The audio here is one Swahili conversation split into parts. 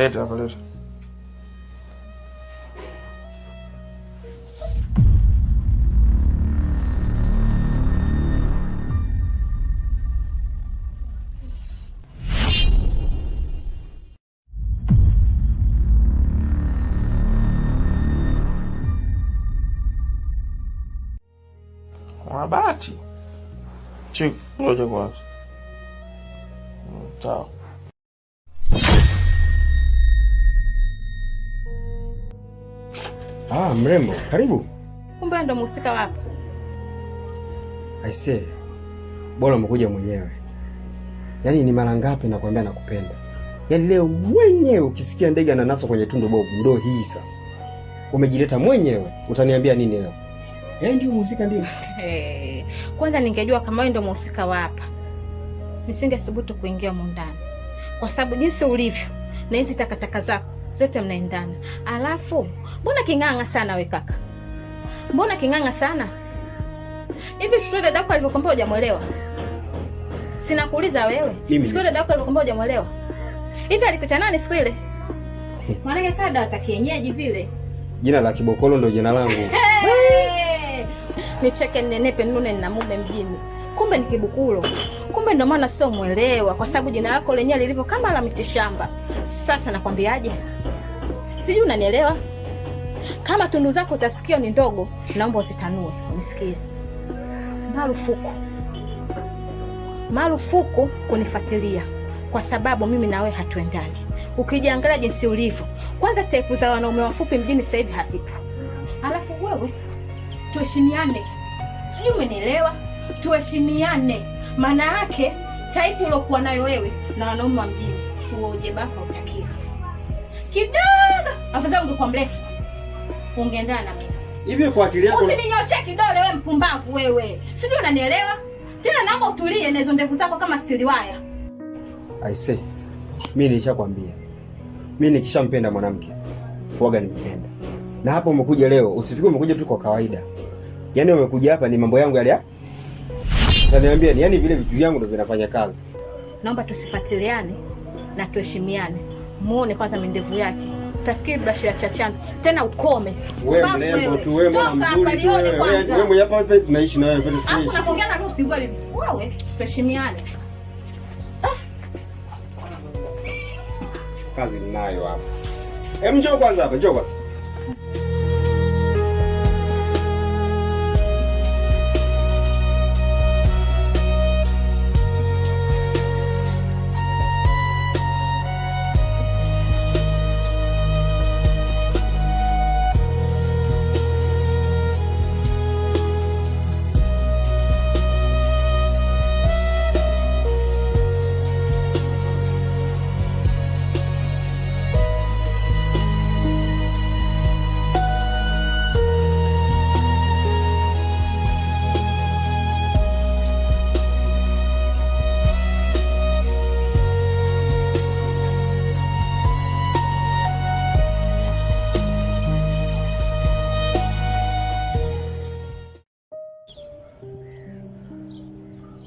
What about it. Uma bate. Tipo, onde Ah, mrembo, karibu. Kumbe ndo mhusika wapo. I Aisee, bora umekuja mwenyewe. Yaani ni mara ngapi nakwambia nakupenda? Yaani leo mwenyewe ukisikia ndege ananaswa kwenye tundu bovu, ndo hii sasa. Umejileta mwenyewe, utaniambia nini leo? Yaani ndio mhusika ndio. kwanza ningejua kama wewe ndo mhusika wa hapa, nisingethubutu kuingia mundani, kwa sababu jinsi ulivyo na hizi takataka zako zote mnaendana. Alafu mbona king'ang'a sana we kaka, mbona king'ang'a sana hivi? Sio dadako alivyokwambia hujamwelewa? Sinakuuliza wewe, sio dadako alivyokwambia hujamwelewa? Hivi alikuta nani siku ile? Mwanake kada za kienyeji vile. Jina la kibokolo ndio jina langu. Hey! Nicheke nenepe nune na mume mjini. Kumbe ni kibukulo. Kumbe ndio maana sio mwelewa kwa sababu jina lako lenyewe lilivyo kama la mitishamba. Sasa nakwambiaje? Sijui unanielewa? Kama tundu zako utasikia ni ndogo, naomba uzitanue unisikie. Marufuku, marufuku kunifuatilia kwa sababu mimi na wewe hatuendani. Ukijiangalia jinsi ulivyo, kwanza taipu za wanaume wafupi mjini sasa hivi hasipo. Alafu wewe tuheshimiane, sijui umenielewa? Tuheshimiane, maana yake taipu uliokuwa nayo wewe na wanaume wa mjini baba utakia kidogo Afadhali ungekuwa mrefu ungeendana na mimi. Hivi kwa akili yako usininyoshee kidole, wewe mpumbavu wewe, si ndio? Unanielewa? Tena naomba utulie na hizo ndevu zako kama siliwaya. I say, mimi nilishakwambia mimi nikishampenda mwanamke huaga nimpenda, na hapo umekuja leo, usifikiri umekuja tu kwa kawaida. Yaani umekuja hapa ni mambo yangu yale utaniambia ni, yani vile vitu vyangu ndio vinafanya kazi. Naomba tusifuatiliane na tuheshimiane, muone kwanza mindevu yake utasikia brashi ya chachana tena, ukome wewe. Mrembo tu wewe, mwana mzuri tu wewe, hapa hapa tunaishi na wewe, unaongea na mimi usivali wewe, tuheshimiane. Ah. Kazi ninayo hapa. Hem, njoo kwanza hapa, njoo kwanza.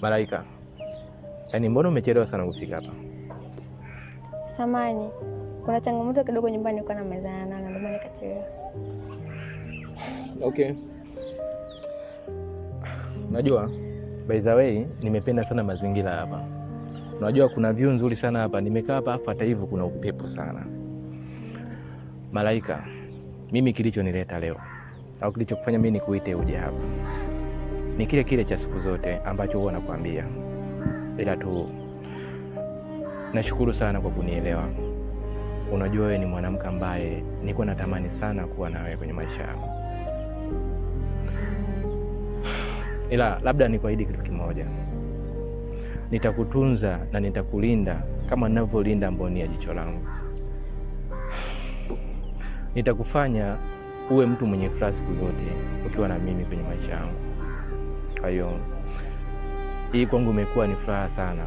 Malaika, yaani mbona umechelewa sana kufika hapa? Samani, kuna changamoto kidogo nyumbani, kwa na meza na ndio maana nikachelewa. Okay. Unajua, by the way, nimependa sana mazingira hapa. Unajua kuna view nzuri sana hapa. Nimekaa hapa hata hivyo kuna upepo sana. Malaika, mimi kilichonileta leo au kilichokufanya mimi nikuite uje hapa ni kile kile cha siku zote ambacho huwa nakwambia, ila tu nashukuru sana kwa kunielewa. Unajua, wewe ni mwanamke ambaye niko natamani sana kuwa nawe kwenye maisha yangu, ila labda nikuahidi kitu kimoja, nitakutunza na nitakulinda kama ninavyolinda mboni ya jicho langu. Nitakufanya uwe mtu mwenye furaha siku zote ukiwa na mimi kwenye maisha yangu. Kwa hiyo hii kwangu imekuwa ni furaha sana.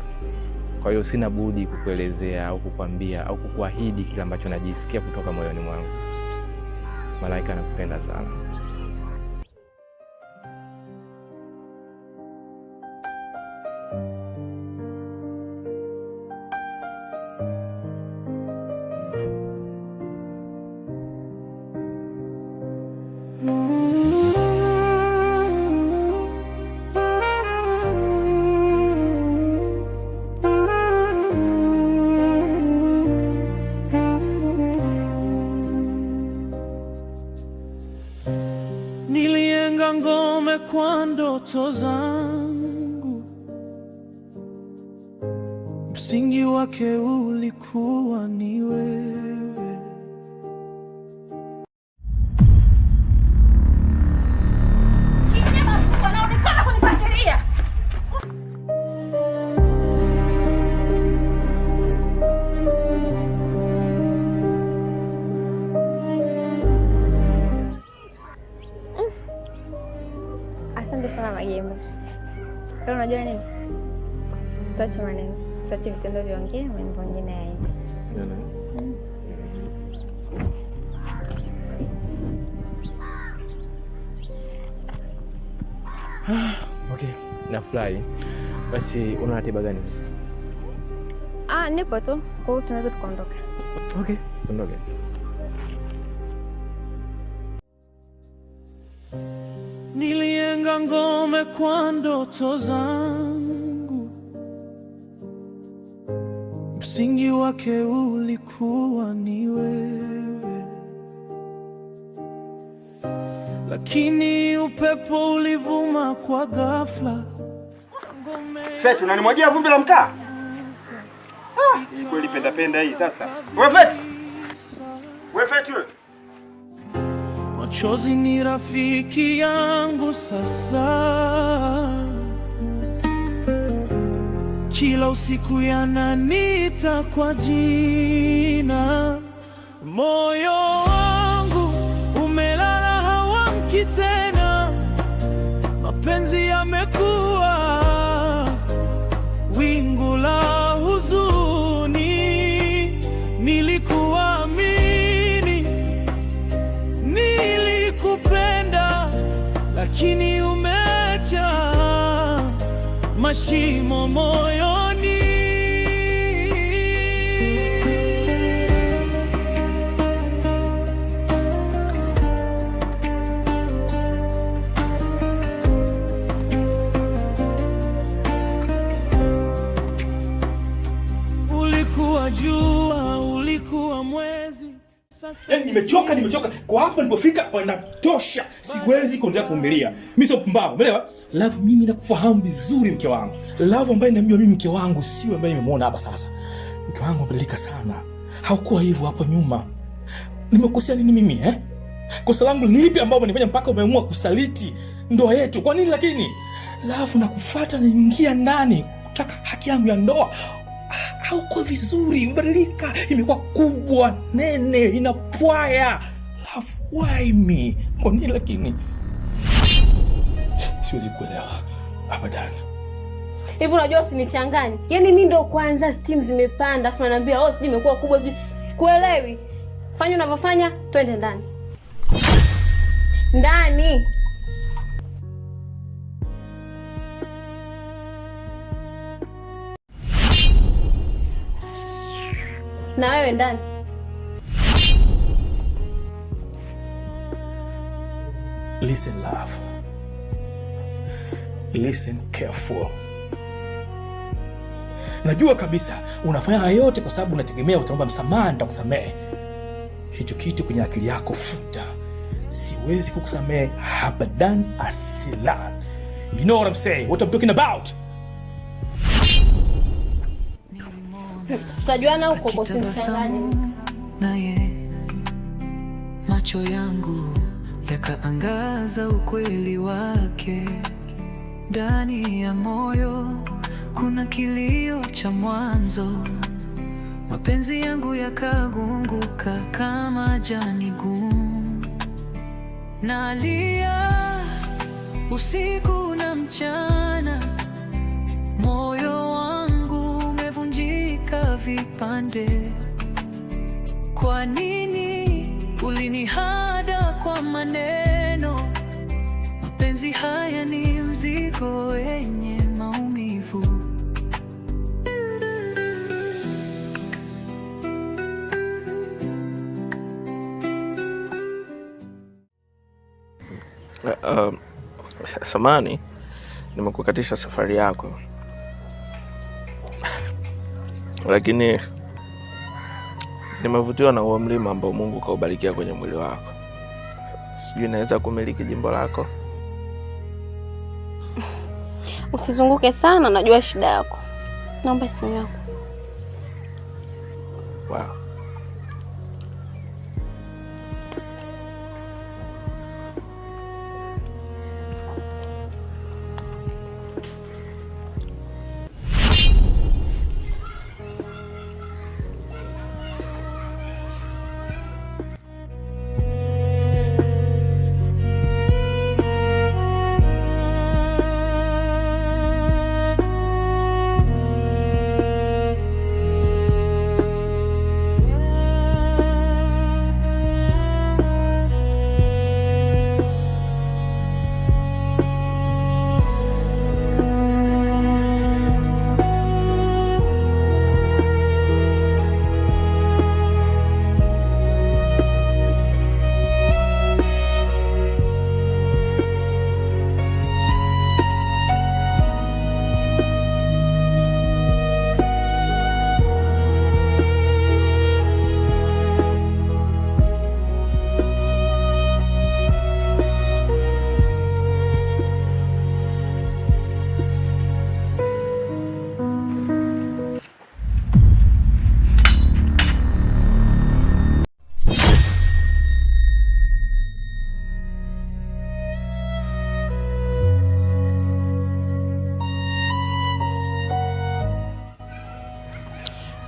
Kwa hiyo sina budi kukuelezea au kukwambia au kukuahidi kile ambacho najisikia kutoka moyoni mwangu. Malaika, nakupenda sana. msingi wake ulikuwa ni wewe. Asante sana Magembe. Leo unajua nini? Tuache maneno tuache vitendo viongee, mambo mengine yaende. Okay, na fly Basi una ratiba gani sasa? Ah, nipo tu. Kwa hiyo tunaweza tukaondoka. Okay, tuondoke. Nilienga ngome kwa ndoto zangu wake ulikuwa ni wewe, lakini upepo ulivuma kwa ghafla. Feti, unanimwagia vumbi la mkaa ah, kweli. Penda penda hii sasa. Wewe Fetu, wewe Fetu, machozi ni rafiki yangu sasa kila usiku yananita kwa jina, moyo wangu umelala, hawamki tena, mapenzi yamekuwa wingu la huzuni. Nilikuamini, nilikupenda, lakini mashimo moyo Yaani nimechoka, nimechoka. Kwa hapa nilipofika panatosha. Siwezi kuendelea kuvumilia. Mimi sio pumbavu, umeelewa? Love, mimi nakufahamu vizuri mke wangu. Love ambaye ninamjua mimi mke wangu sio ambaye nimemwona hapa sasa. Mke wangu amebadilika sana. Haukuwa hivyo hapo nyuma. Nimekosea nini mimi eh? Kosa langu lipi ambao umenifanya mpaka umeamua kusaliti ndoa yetu? Kwa nini lakini? Love, nakufuata naingia ndani kutaka haki yangu ya ndoa hauko vizuri, imebadilika, imekuwa kubwa, nene, inapwaya. Love, why me? Kwa nini lakini? Siwezi kuelewa abadan. Hivi unajua, usinichanganye. Yaani mimi ndo kwanza steam zimepanda, afu ananiambia oh, sijui imekuwa kubwa, sijui. Sikuelewi. Fanya unavyofanya, twende ndani. Ndani. na wewe ndani. Listen love. Listen careful. Najua kabisa unafanya haya yote kwa sababu unategemea utaomba msamaha, nitakusamehe. Hicho kitu kwenye akili yako futa. Siwezi kukusamehe habadan asilan. You know what I'm saying? What I'm talking about? tutajuana huko bosi Naye macho yangu yakaangaza ukweli wake, ndani ya moyo kuna kilio cha mwanzo, mapenzi yangu yakagunguka kama jani gumu, nalia usiku na mchana vipande. Kwa nini ulinihada kwa maneno? Mapenzi haya ni mzigo wenye maumivu. Uh, um, samani nimekukatisha safari yako lakini nimevutiwa na huo mlima ambao Mungu kaubarikia kwenye mwili wako. Sijui naweza kumiliki jimbo lako. Usizunguke sana, najua shida yako. Naomba simu yako. Wow.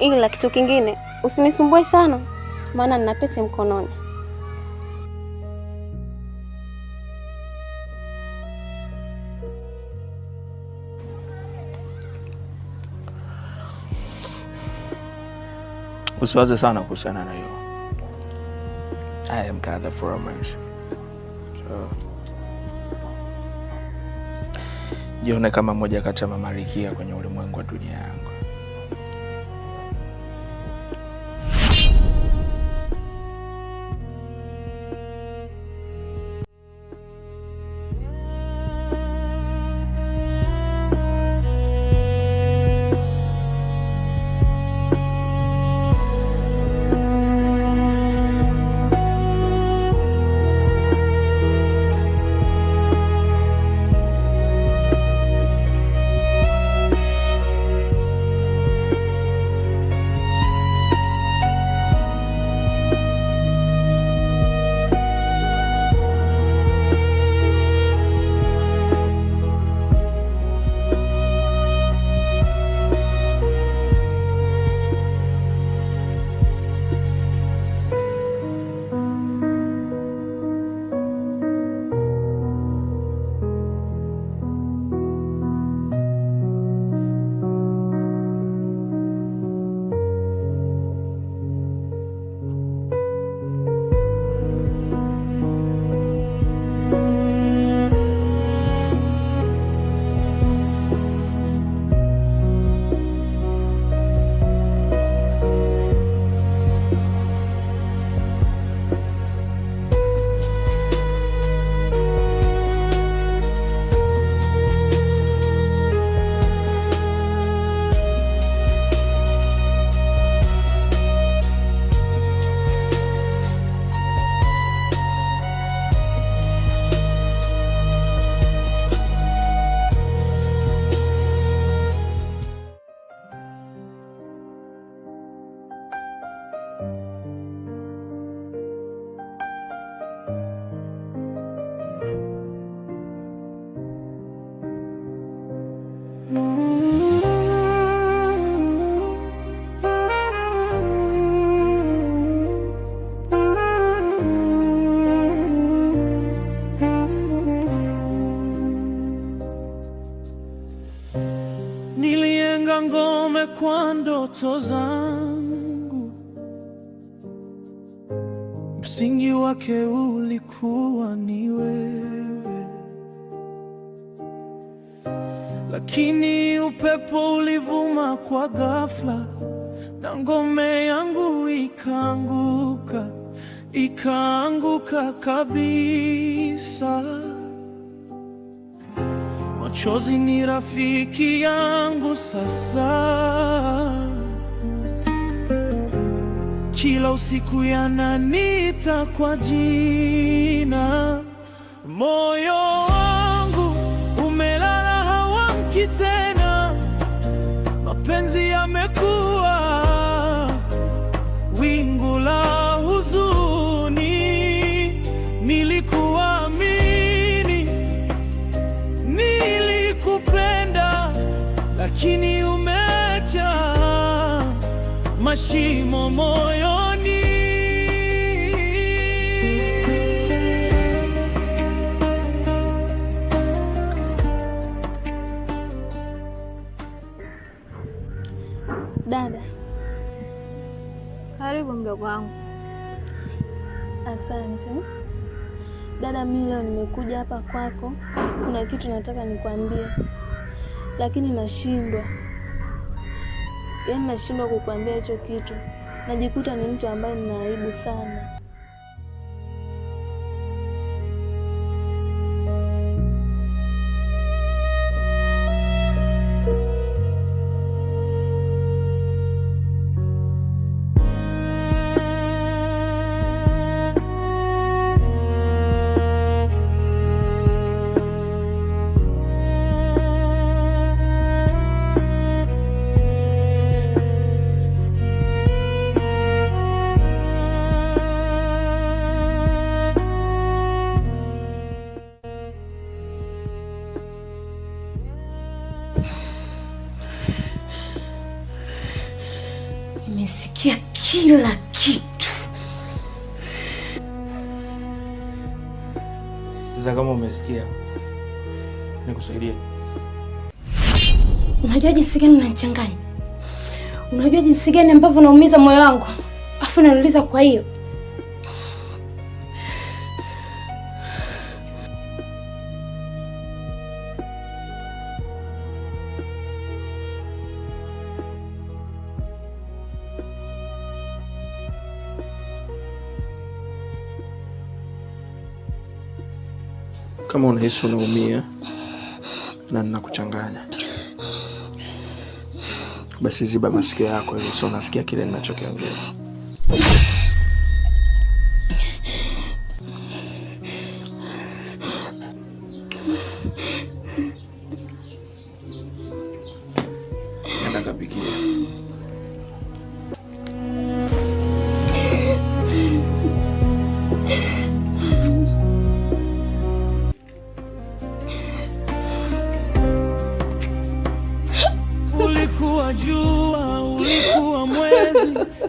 ila kitu kingine usinisumbue sana, maana nina pete mkononi. Usiwaze sana kuhusiana na hiyo. I am kind of romance. So, jione kama moja kati ya mamalikia kwenye ulimwengu wa dunia yangu. lakini upepo ulivuma kwa ghafla na ngome yangu ikaanguka, ikaanguka kabisa. Machozi ni rafiki yangu sasa, kila usiku yananiita kwa jina moyo hapa kwako, kuna kitu nataka nikwambie, lakini nashindwa. Yaani nashindwa kukwambia hicho kitu, najikuta ni mtu ambaye nina aibu sana. kila kitu. Sasa kama umesikia, nikusaidie. Unajua jinsi gani unanichanganya? Unajua jinsi gani ambavyo unaumiza moyo wangu, afu unaniuliza kwa hiyo Kama unahisi unaumia na ninakuchanganya, basi ziba masikio yako ili usio unasikia kile ninachokiongea.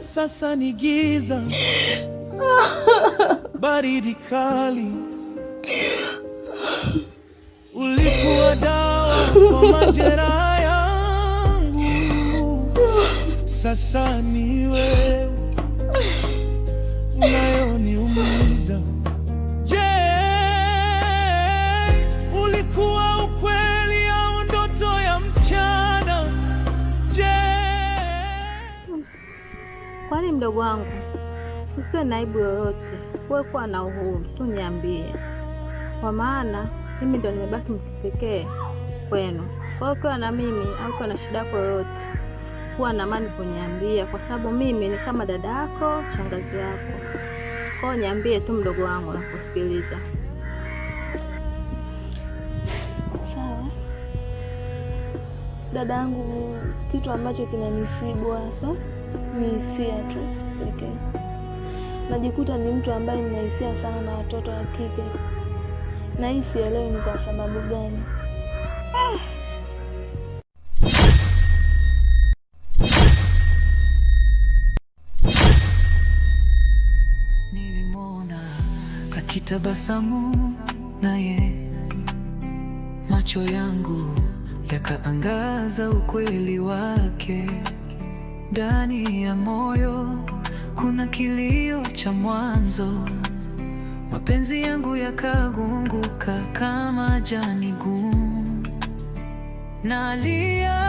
sasa ni giza, baridi kali. Ulikuwa dawa kwa majeraha yangu, sasa ni wewe unayoniumiza. mdogo wangu, usiwe na aibu yoyote, wewe kuwa na uhuru tu, niambie, kwa maana mimi ndo nimebaki mtu pekee kwenu. Kwa hiyo ukiwa na mimi au ukiwa na shida yako yoyote, kuwa na amani kuniambia, kwa sababu mimi ni kama dada yako, shangazi yako. Kwa hiyo niambie tu mdogo wangu, nakusikiliza. Sawa dada yangu, kitu ambacho kinanisibu hasa ni hisia tu pekee. Najikuta ni mtu ambaye nina hisia sana na watoto wa kike, na hii sielewi ni kwa sababu gani. Nilimwona akitabasamu naye, macho yangu yakaangaza ukweli wake. Ndani ya moyo kuna kilio cha mwanzo, mapenzi yangu yakagunguka kama jani gumu, nalia